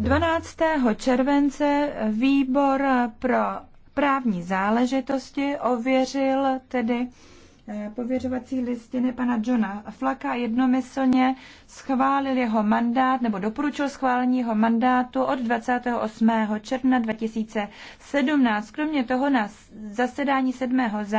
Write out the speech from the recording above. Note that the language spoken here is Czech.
12. července výbor pro právní záležitosti ověřil tedy eh, pověřovací listiny pana Johna Flaka jednomyslně schválil jeho mandát nebo doporučil schválení jeho mandátu od 28. června 2017. Kromě toho na zasedání 7. září